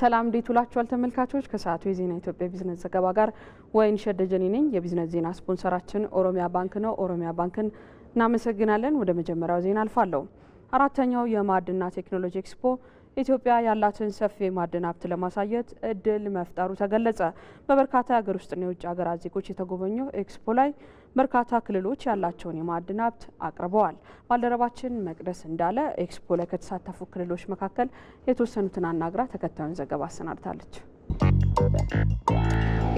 ሰላም እንዴት ውላችኋል ተመልካቾች። ከሰዓቱ የዜና ኢትዮጵያ ቢዝነስ ዘገባ ጋር ወይንሸት ደጀኔ ነኝ። የቢዝነስ ዜና ስፖንሰራችን ኦሮሚያ ባንክ ነው። ኦሮሚያ ባንክን እናመሰግናለን። ወደ መጀመሪያው ዜና አልፋለሁ። አራተኛው የማዕድንና ቴክኖሎጂ ኤክስፖ ኢትዮጵያ ያላትን ሰፊ የማዕድን ሀብት ለማሳየት እድል መፍጠሩ ተገለጸ። በበርካታ የሀገር ውስጥና የውጭ ሀገራት ዜጎች የተጎበኘው ኤክስፖ ላይ በርካታ ክልሎች ያላቸውን የማዕድን ሀብት አቅርበዋል። ባልደረባችን መቅደስ እንዳለ ኤክስፖ ላይ ከተሳተፉ ክልሎች መካከል የተወሰኑትን አናግራ ተከታዩን ዘገባ አሰናድታለች።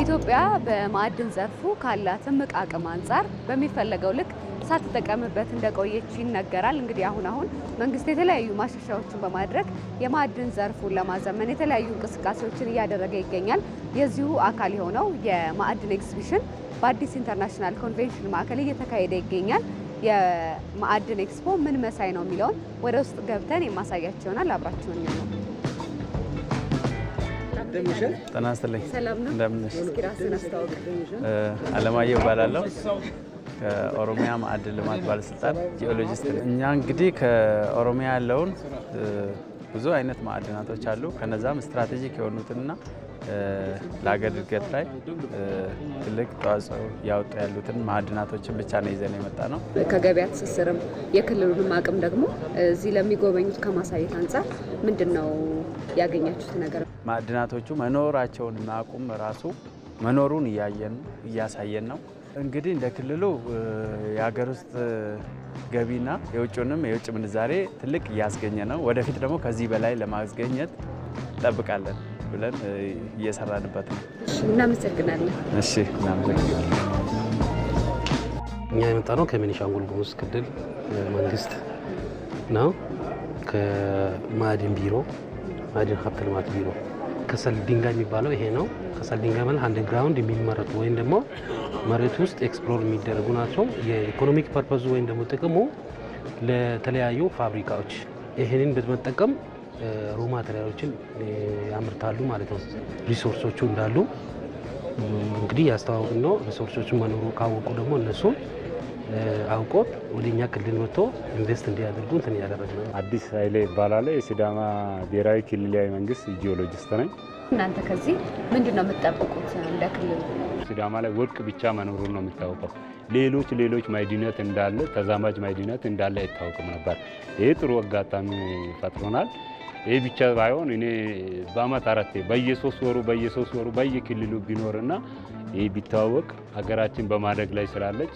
ኢትዮጵያ በማዕድን ዘርፉ ካላት እምቅ አቅም አንጻር በሚፈለገው ልክ ሳትጠቀምበት እንደቆየች ይነገራል። እንግዲህ አሁን አሁን መንግስት የተለያዩ ማሻሻያዎችን በማድረግ የማዕድን ዘርፉን ለማዘመን የተለያዩ እንቅስቃሴዎችን እያደረገ ይገኛል። የዚሁ አካል የሆነው የማዕድን ኤግዚቢሽን በአዲስ ኢንተርናሽናል ኮንቬንሽን ማዕከል እየተካሄደ ይገኛል። የማዕድን ኤክስፖ ምን መሳይ ነው የሚለውን ወደ ውስጥ ገብተን የማሳያቸው ይሆናል። አብራችሁን ነው። ጤና ይስጥልኝ። እንደምን ነሽ? አለማየሁ እባላለሁ። ከኦሮሚያ ማዕድን ልማት ባለስልጣን ጂኦሎጂስት። እኛ እንግዲህ ከኦሮሚያ ያለውን ብዙ አይነት ማዕድናቶች አሉ። ከነዛም ስትራቴጂክ የሆኑትንና ለሀገር እድገት ላይ ትልቅ ተዋጽኦ ያወጡ ያሉትን ማዕድናቶችን ብቻ ነው ይዘን የመጣ ነው። ከገበያ ትስስርም የክልሉንም አቅም ደግሞ እዚህ ለሚጎበኙት ከማሳየት አንጻር ምንድን ነው ያገኛችሁት ነገር? ማዕድናቶቹ መኖራቸውን ማቁም ራሱ መኖሩን እያሳየን ነው። እንግዲህ እንደ ክልሉ የሀገር ውስጥ ገቢና የውጭንም የውጭ ምንዛሬ ትልቅ እያስገኘ ነው። ወደፊት ደግሞ ከዚህ በላይ ለማስገኘት እንጠብቃለን ብለን እየሰራንበት ነው። እናመሰግናለን። እሺ፣ እናመሰግናለን። እኛ የመጣ ነው ከቤኒሻንጉል ጉሙዝ ክልል መንግስት ነው ከማዕድን ቢሮ ማዕድን ሀብት ልማት ቢሮ ከሰል ድንጋይ የሚባለው ይሄ ነው። ከሰል ድንጋይ ማለት አንደርግራውንድ የሚመረጡ ወይም ደግሞ መሬት ውስጥ ኤክስፕሎር የሚደረጉ ናቸው። የኢኮኖሚክ ፐርፐዙ ወይም ደግሞ ጥቅሙ ለተለያዩ ፋብሪካዎች ይህንን በመጠቀም ሮ ማቴሪያሎችን ያምርታሉ ማለት ነው። ሪሶርሶቹ እንዳሉ እንግዲህ ያስተዋወቅ ነው። ሪሶርሶቹ መኖሩ ካወቁ ደግሞ እነሱን አውቆ ወደ እኛ ክልል መጥቶ ኢንቨስት እንዲያደርጉ እንትን እያደረግ ነው። አዲስ ኃይሌ ይባላለ። የሲዳማ ብሔራዊ ክልላዊ መንግስት ጂኦሎጂስት ነኝ። እናንተ ከዚህ ምንድን ነው የምትጠብቁት? እንደ ክልሉ ሲዳማ ላይ ወርቅ ብቻ መኖሩን ነው የሚታወቀው። ሌሎች ሌሎች ማዕድናት እንዳለ ተዛማጅ ማዕድናት እንዳለ አይታወቅም ነበር። ይህ ጥሩ አጋጣሚ ፈጥሮናል። ይህ ብቻ ባይሆን እኔ በአመት አራቴ በየሶስት ወሩ በየሶስት ወሩ በየክልሉ ቢኖርና ይህ ቢተዋወቅ ሀገራችን በማደግ ላይ ስላለች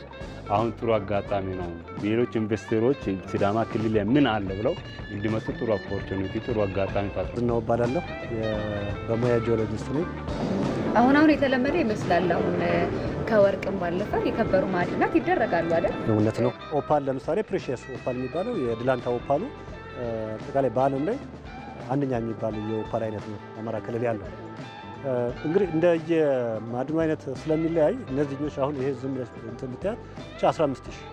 አሁን ጥሩ አጋጣሚ ነው። ሌሎች ኢንቨስተሮች ሲዳማ ክልል ምን አለ ብለው እንዲመጡ ጥሩ ኦፖርቹኒቲ፣ ጥሩ አጋጣሚ ፋት ነው እባላለሁ። በሙያ ጂኦሎጂስት ነኝ። አሁን አሁን የተለመደ ይመስላል። አሁን ከወርቅም ባለፈ የከበሩ ማዕድናት ይደረጋሉ አይደል? እውነት ነው። ኦፓል ለምሳሌ ፕሪሽየስ ኦፓል የሚባለው የድላንታ ኦፓሉ አጠቃላይ በዓለም ላይ አንደኛ የሚባለው የኦፓል አይነት ነው አማራ ክልል ያለው እንግዲህ እንደየማዕድኑ አይነት ስለሚለያይ እነዚህኞች አሁን ይሄ ዝም እንትን ብታያት 15 ሺህ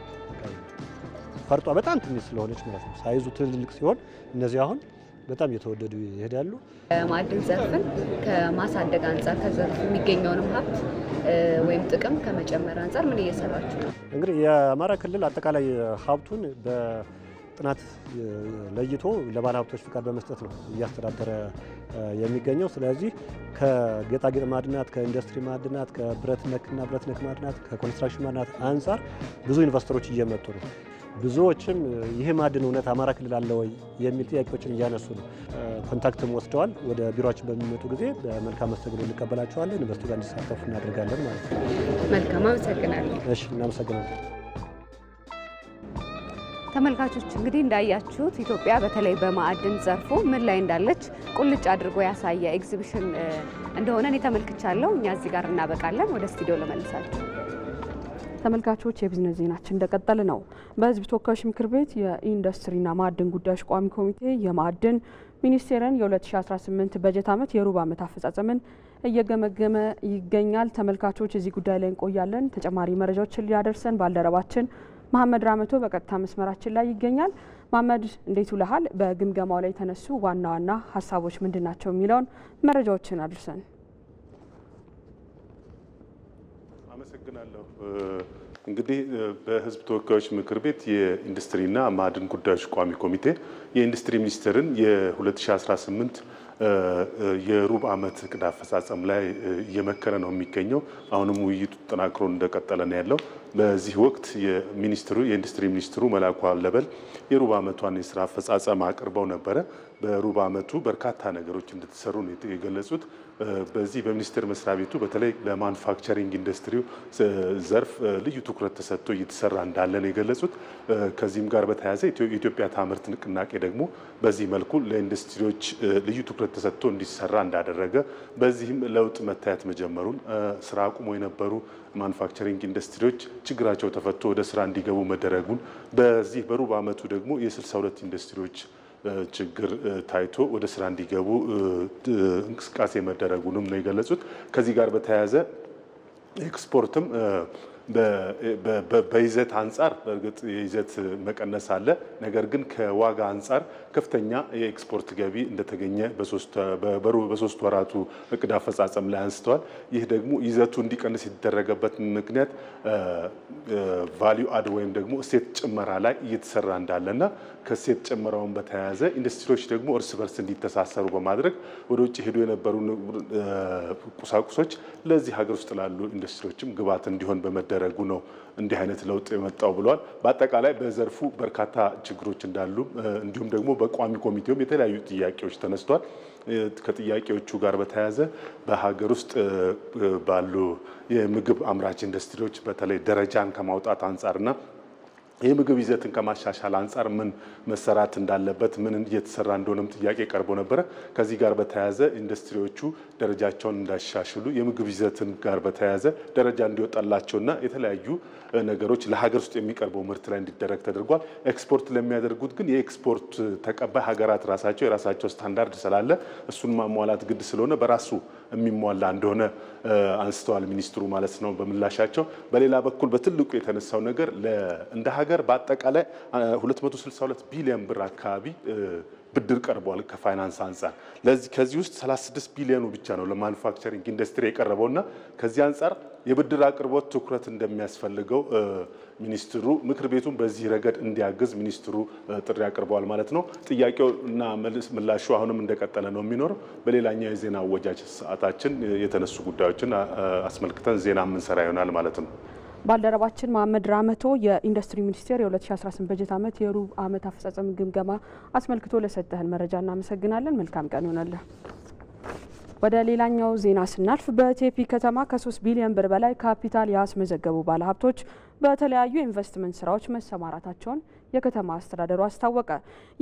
ፈርጧ በጣም ትንሽ ስለሆነች ማለት ነው። ሳይዙ ትልልቅ ሲሆን እነዚህ አሁን በጣም እየተወደዱ ይሄዳሉ። ማዕድን ዘርፍን ከማሳደግ አንጻር ከዘርፍ የሚገኘውንም ሀብት ወይም ጥቅም ከመጨመር አንጻር ምን እየሰራችሁ ነው? እንግዲህ የአማራ ክልል አጠቃላይ ሀብቱን ጥናት ለይቶ ለባለሀብቶች ፍቃድ በመስጠት ነው እያስተዳደረ የሚገኘው። ስለዚህ ከጌጣጌጥ ማዕድናት፣ ከኢንዱስትሪ ማዕድናት፣ ከብረት ነክና ብረት ነክ ማዕድናት፣ ከኮንስትራክሽን ማዕድናት አንጻር ብዙ ኢንቨስተሮች እየመጡ ነው። ብዙዎችም ይህ ማዕድን እውነት አማራ ክልል አለ ወይ የሚል ጥያቄዎችን እያነሱ ነው። ኮንታክትም ወስደዋል። ወደ ቢሮችን በሚመጡ ጊዜ በመልካም መስተንግዶ እንቀበላቸዋለን። ኢንቨስተሮች ጋር እንዲሳተፉ እናደርጋለን ማለት ነው። መልካም፣ አመሰግናለሁ። እሺ፣ እናመሰግናለን። ተመልካቾች እንግዲህ እንዳያችሁት ኢትዮጵያ በተለይ በማዕድን ዘርፉ ምን ላይ እንዳለች ቁልጭ አድርጎ ያሳየ ኤግዚቢሽን እንደሆነ እኔ ተመልክቻለሁ። እኛ እዚህ ጋር እናበቃለን። ወደ ስቱዲዮ ልመልሳችሁ። ተመልካቾች የቢዝነስ ዜናችን እንደቀጠለ ነው። በህዝብ ተወካዮች ምክር ቤት የኢንዱስትሪና ማዕድን ጉዳዮች ቋሚ ኮሚቴ የማዕድን ሚኒስቴርን የ2018 በጀት ዓመት የሩብ ዓመት አፈጻጸምን እየገመገመ ይገኛል። ተመልካቾች እዚህ ጉዳይ ላይ እንቆያለን። ተጨማሪ መረጃዎችን ሊያደርሰን ባልደረባችን መሀመድ ራመቶ በቀጥታ መስመራችን ላይ ይገኛል። መሀመድ እንዴት ውለሃል? በግምገማው ላይ የተነሱ ዋና ዋና ሀሳቦች ምንድን ናቸው የሚለውን መረጃዎችን አድርሰን። አመሰግናለሁ። እንግዲህ በህዝብ ተወካዮች ምክር ቤት የኢንዱስትሪና ማዕድን ጉዳዮች ቋሚ ኮሚቴ የኢንዱስትሪ ሚኒስቴርን የ2018 የሩብ ዓመት እቅድ አፈጻጸም ላይ እየመከረ ነው የሚገኘው። አሁንም ውይይቱ ተጠናክሮ እንደቀጠለ ነው ያለው። በዚህ ወቅት የሚኒስትሩ የኢንዱስትሪ ሚኒስትሩ መላኩ አለበል የሩብ ዓመቷን የስራ አፈጻጸም አቅርበው ነበረ። በሩብ ዓመቱ በርካታ ነገሮች እንደተሰሩ ነው የገለጹት። በዚህ በሚኒስቴር መስሪያ ቤቱ በተለይ ለማኑፋክቸሪንግ ኢንዱስትሪው ዘርፍ ልዩ ትኩረት ተሰጥቶ እየተሰራ እንዳለ ነው የገለጹት። ከዚህም ጋር በተያያዘ ኢትዮጵያ ታምርት ንቅናቄ ደግሞ በዚህ መልኩ ለኢንዱስትሪዎች ልዩ ትኩረት ተሰጥቶ እንዲሰራ እንዳደረገ፣ በዚህም ለውጥ መታየት መጀመሩን ስራ አቁሞ የነበሩ ማኑፋክቸሪንግ ኢንዱስትሪዎች ችግራቸው ተፈቶ ወደ ስራ እንዲገቡ መደረጉን በዚህ በሩብ ዓመቱ ደግሞ የ62 ኢንዱስትሪዎች ችግር ታይቶ ወደ ስራ እንዲገቡ እንቅስቃሴ መደረጉንም ነው የገለጹት። ከዚህ ጋር በተያያዘ ኤክስፖርትም በይዘት አንጻር በእርግጥ የይዘት መቀነስ አለ። ነገር ግን ከዋጋ አንጻር ከፍተኛ የኤክስፖርት ገቢ እንደተገኘ በሶስት ወራቱ እቅድ አፈጻጸም ላይ አንስተዋል። ይህ ደግሞ ይዘቱ እንዲቀንስ የተደረገበት ምክንያት ቫሊዩ አድ ወይም ደግሞ እሴት ጭመራ ላይ እየተሰራ እንዳለና ከእሴት ጭመራውን በተያያዘ ኢንዱስትሪዎች ደግሞ እርስ በርስ እንዲተሳሰሩ በማድረግ ወደ ውጭ ሄዱ የነበሩ ቁሳቁሶች ለዚህ ሀገር ውስጥ ላሉ ኢንዱስትሪዎችም ግብዓት እንዲሆን በመደ በመደረጉ ነው እንዲህ አይነት ለውጥ የመጣው ብለዋል። በአጠቃላይ በዘርፉ በርካታ ችግሮች እንዳሉ እንዲሁም ደግሞ በቋሚ ኮሚቴውም የተለያዩ ጥያቄዎች ተነስቷል። ከጥያቄዎቹ ጋር በተያያዘ በሀገር ውስጥ ባሉ የምግብ አምራች ኢንዱስትሪዎች በተለይ ደረጃን ከማውጣት አንጻርና የምግብ ይዘትን ከማሻሻል አንጻር ምን መሰራት እንዳለበት ምን እየተሰራ እንደሆነም ጥያቄ ቀርቦ ነበረ። ከዚህ ጋር በተያያዘ ኢንዱስትሪዎቹ ደረጃቸውን እንዳሻሽሉ የምግብ ይዘትን ጋር በተያያዘ ደረጃ እንዲወጣላቸውና የተለያዩ ነገሮች ለሀገር ውስጥ የሚቀርበው ምርት ላይ እንዲደረግ ተደርጓል። ኤክስፖርት ለሚያደርጉት ግን የኤክስፖርት ተቀባይ ሀገራት ራሳቸው የራሳቸው ስታንዳርድ ስላለ እሱን ማሟላት ግድ ስለሆነ በራሱ የሚሟላ እንደሆነ አንስተዋል ሚኒስትሩ ማለት ነው በምላሻቸው። በሌላ በኩል በትልቁ የተነሳው ነገር እንደ ሀገር በአጠቃላይ 262 ቢሊዮን ብር አካባቢ ብድር ቀርቧል ከፋይናንስ አንጻር። ከዚህ ውስጥ 36 ቢሊዮኑ ብቻ ነው ለማኑፋክቸሪንግ ኢንዱስትሪ የቀረበውና ከዚህ አንጻር የብድር አቅርቦት ትኩረት እንደሚያስፈልገው ሚኒስትሩ ምክር ቤቱን በዚህ ረገድ እንዲያግዝ ሚኒስትሩ ጥሪ አቅርበዋል ማለት ነው። ጥያቄው እና ምላሹ አሁንም እንደቀጠለ ነው የሚኖረው። በሌላኛው የዜና አወጃጅ ሰዓታችን የተነሱ ጉዳዮችን አስመልክተን ዜና የምንሰራ ይሆናል ማለት ነው። ባልደረባችን መሀመድ ራመቶ የኢንዱስትሪ ሚኒስቴር የ2018 በጀት ዓመት የሩብ ዓመት አፈጻጸም ግምገማ አስመልክቶ ለሰጠህን መረጃ እናመሰግናለን። መልካም ቀን ይሆናለህ። ወደ ሌላኛው ዜና ስናልፍ በቴፒ ከተማ ከ3 ቢሊዮን ብር በላይ ካፒታል ያስመዘገቡ ባለሀብቶች በተለያዩ የኢንቨስትመንት ስራዎች መሰማራታቸውን የከተማ አስተዳደሩ አስታወቀ።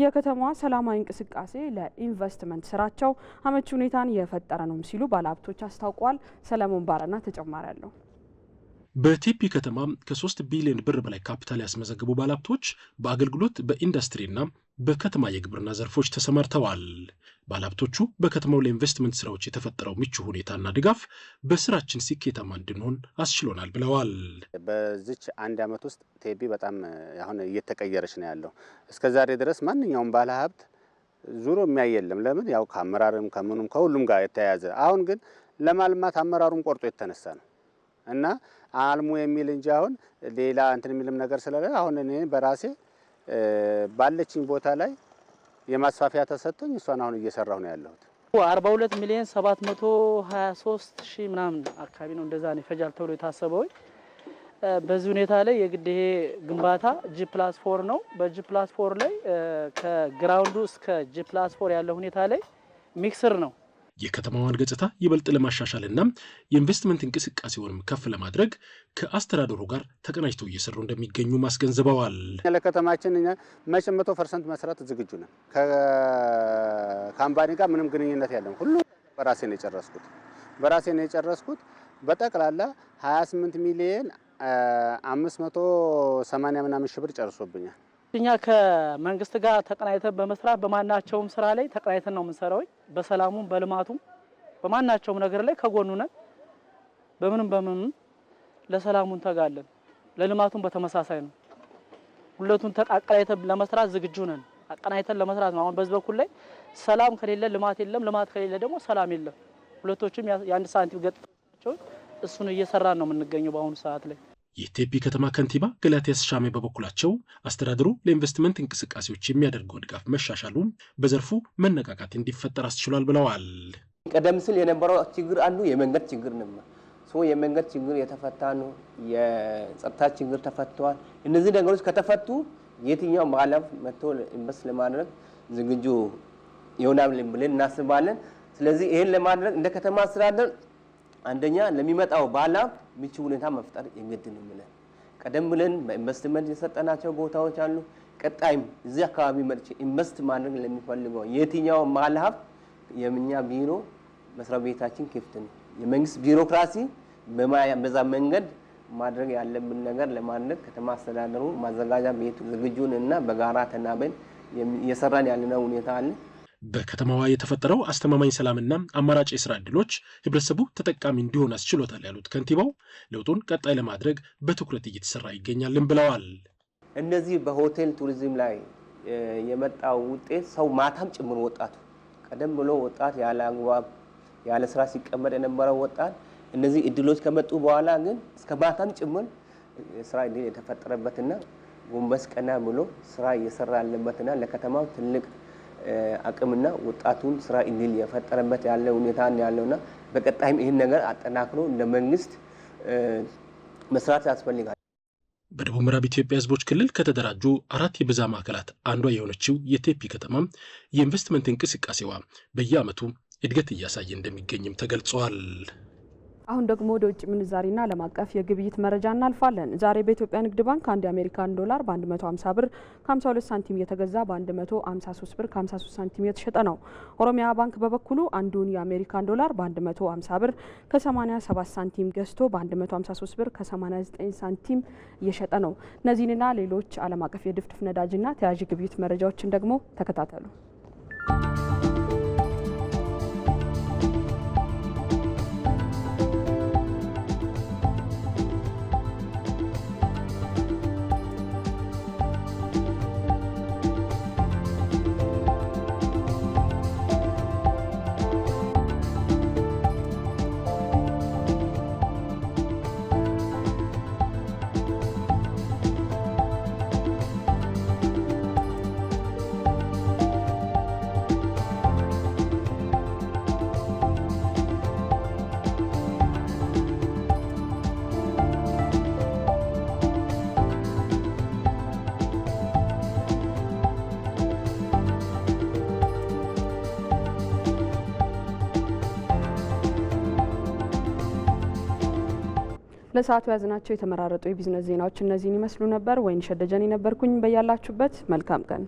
የከተማዋ ሰላማዊ እንቅስቃሴ ለኢንቨስትመንት ስራቸው አመቺ ሁኔታን የፈጠረ ነውም ሲሉ ባለሀብቶች አስታውቋል። ሰለሞን ባረና ተጨማሪ አለው። በቴፒ ከተማ ከሶስት ቢሊዮን ብር በላይ ካፒታል ያስመዘገቡ ባለሀብቶች በአገልግሎት በኢንዱስትሪና በከተማ የግብርና ዘርፎች ተሰማርተዋል። ባለሀብቶቹ በከተማው ለኢንቨስትመንት ስራዎች የተፈጠረው ምቹ ሁኔታና ድጋፍ በስራችን ስኬታማ እንድንሆን አስችሎናል ብለዋል። በዚች አንድ ዓመት ውስጥ ቴፒ በጣም አሁን እየተቀየረች ነው ያለው። እስከ ዛሬ ድረስ ማንኛውም ባለሀብት ዙሮ የሚያይ የለም። ለምን ያው ከአመራርም ከምኑም ከሁሉም ጋር የተያያዘ አሁን ግን ለማልማት አመራሩም ቆርጦ የተነሳ ነው እና አልሙ የሚል እንጂ አሁን ሌላ እንትን የሚልም ነገር ስለለ አሁን እኔ በራሴ ባለችኝ ቦታ ላይ የማስፋፊያ ተሰጥቶኝ እሷን አሁን እየሰራሁ ነው ያለሁት። 42 ሚሊዮን 723 ሺህ ምናምን አካባቢ ነው እንደዛ ነው ይፈጃል ተብሎ የታሰበው። በዚህ ሁኔታ ላይ የግድ ግንባታ ጂ ፕላስ ፎር ነው። በጂ ፕላስ ፎር ላይ ከግራውንዱ እስከ ጂ ፕላስ ፎር ያለው ሁኔታ ላይ ሚክስር ነው የከተማዋን ገጽታ ይበልጥ ለማሻሻልና የኢንቨስትመንት እንቅስቃሴውንም ከፍ ለማድረግ ከአስተዳደሩ ጋር ተቀናጅተው እየሰሩ እንደሚገኙ ማስገንዝበዋል። ለከተማችን መቼም መቶ ፐርሰንት መስራት ዝግጁ ነን። ከአምባኒ ጋር ምንም ግንኙነት ያለም ሁሉ በራሴ ነው የጨረስኩት በራሴ ነው የጨረስኩት። በጠቅላላ 28 ሚሊየን 580 ምናምን ሺህ ብር ጨርሶብኛል። እኛ ከመንግስት ጋር ተቀናይተን በመስራት በማናቸውም ስራ ላይ ተቀናይተን ነው የምንሰራው። በሰላሙም በልማቱም በማናቸውም ነገር ላይ ከጎኑ ነን። በምንም በምንም ለሰላሙ እንተጋለን፣ ለልማቱም በተመሳሳይ ነው። ሁለቱን ተቀናይተን ለመስራት ዝግጁ ነን። አቀናይተን ለመስራት ነው። አሁን በዚህ በኩል ላይ ሰላም ከሌለ ልማት የለም፣ ልማት ከሌለ ደግሞ ሰላም የለም። ሁለቶችም የአንድ ሳንቲም ገጥቷቸው እሱን እየሰራን ነው የምንገኘው በአሁኑ ሰዓት ላይ የቴፒ ከተማ ከንቲባ ገላትያስ ሻሜ በበኩላቸው አስተዳደሩ ለኢንቨስትመንት እንቅስቃሴዎች የሚያደርገውን ድጋፍ መሻሻሉ በዘርፉ መነቃቃት እንዲፈጠር አስችሏል ብለዋል። ቀደም ሲል የነበረው ችግር አንዱ የመንገድ ችግር ነው። የመንገድ ችግር የተፈታ ነው። የጸጥታ ችግር ተፈተዋል። እነዚህ ነገሮች ከተፈቱ የትኛው ማለፍ መጥቶ ኢንቨስት ለማድረግ ዝግጁ ይሆናል ብለን እናስባለን። ስለዚህ ይህን ለማድረግ እንደ ከተማ አስተዳደር አንደኛ ለሚመጣው ባላ ምቹ ሁኔታ መፍጠር የግድ ነው ብለን ቀደም ብለን በኢንቨስትመንት የሰጠናቸው ቦታዎች አሉ። ቀጣይም እዚህ አካባቢ መጥቼ ኢንቨስት ማድረግ ለሚፈልገው የትኛው ባለሀብት የእኛ ቢሮ መስሪያ ቤታችን ክፍት ነው። የመንግስት ቢሮክራሲ በዛ መንገድ ማድረግ ያለብን ነገር ለማድረግ ከተማ አስተዳደሩ ማዘጋጃ ቤቱ ዝግጁን እና በጋራ ተናበን እየሰራን ያለነው ሁኔታ አለ። በከተማዋ የተፈጠረው አስተማማኝ ሰላምና አማራጭ የስራ እድሎች ህብረተሰቡ ተጠቃሚ እንዲሆን አስችሎታል ያሉት ከንቲባው ለውጡን ቀጣይ ለማድረግ በትኩረት እየተሰራ ይገኛልን ብለዋል። እነዚህ በሆቴል ቱሪዝም ላይ የመጣው ውጤት ሰው ማታም ጭምር ወጣቱ ቀደም ብሎ ወጣት ያለ አግባብ ያለ ስራ ሲቀመጥ የነበረው ወጣት እነዚህ እድሎች ከመጡ በኋላ ግን እስከ ማታም ጭምር ስራ የተፈጠረበትና ጎንበስ ቀና ብሎ ስራ እየሰራ ያለበትና ለከተማው ትልቅ አቅምና ወጣቱን ስራ እድል የፈጠረበት ያለ ሁኔታ ያለውና በቀጣይም ይህን ነገር አጠናክሮ እንደ መንግስት መስራት ያስፈልጋል። በደቡብ ምዕራብ ኢትዮጵያ ህዝቦች ክልል ከተደራጁ አራት የብዛ ማዕከላት አንዷ የሆነችው የቴፒ ከተማ የኢንቨስትመንት እንቅስቃሴዋ በየዓመቱ እድገት እያሳየ እንደሚገኝም ተገልጿል። አሁን ደግሞ ወደ ውጭ ምንዛሪና ዓለም አቀፍ የግብይት መረጃ እናልፋለን። ዛሬ በኢትዮጵያ ንግድ ባንክ አንድ የአሜሪካን ዶላር በ150 ብር ከ52 ሳንቲም የተገዛ በ153 ብር ከ53 ሳንቲም የተሸጠ ነው። ኦሮሚያ ባንክ በበኩሉ አንዱን የአሜሪካን ዶላር በ150 ብር ከ87 ሳንቲም ገዝቶ በ153 ብር ከ89 ሳንቲም እየሸጠ ነው። እነዚህንና ሌሎች ዓለም አቀፍ የድፍድፍ ነዳጅና ተያያዥ ግብይት መረጃዎችን ደግሞ ተከታተሉ። ለሰዓቱ የያዝናቸው የተመራረጡ የቢዝነስ ዜናዎች እነዚህን ይመስሉ ነበር። ወይን ሸደጀን የነበርኩኝ። በያላችሁበት መልካም ቀን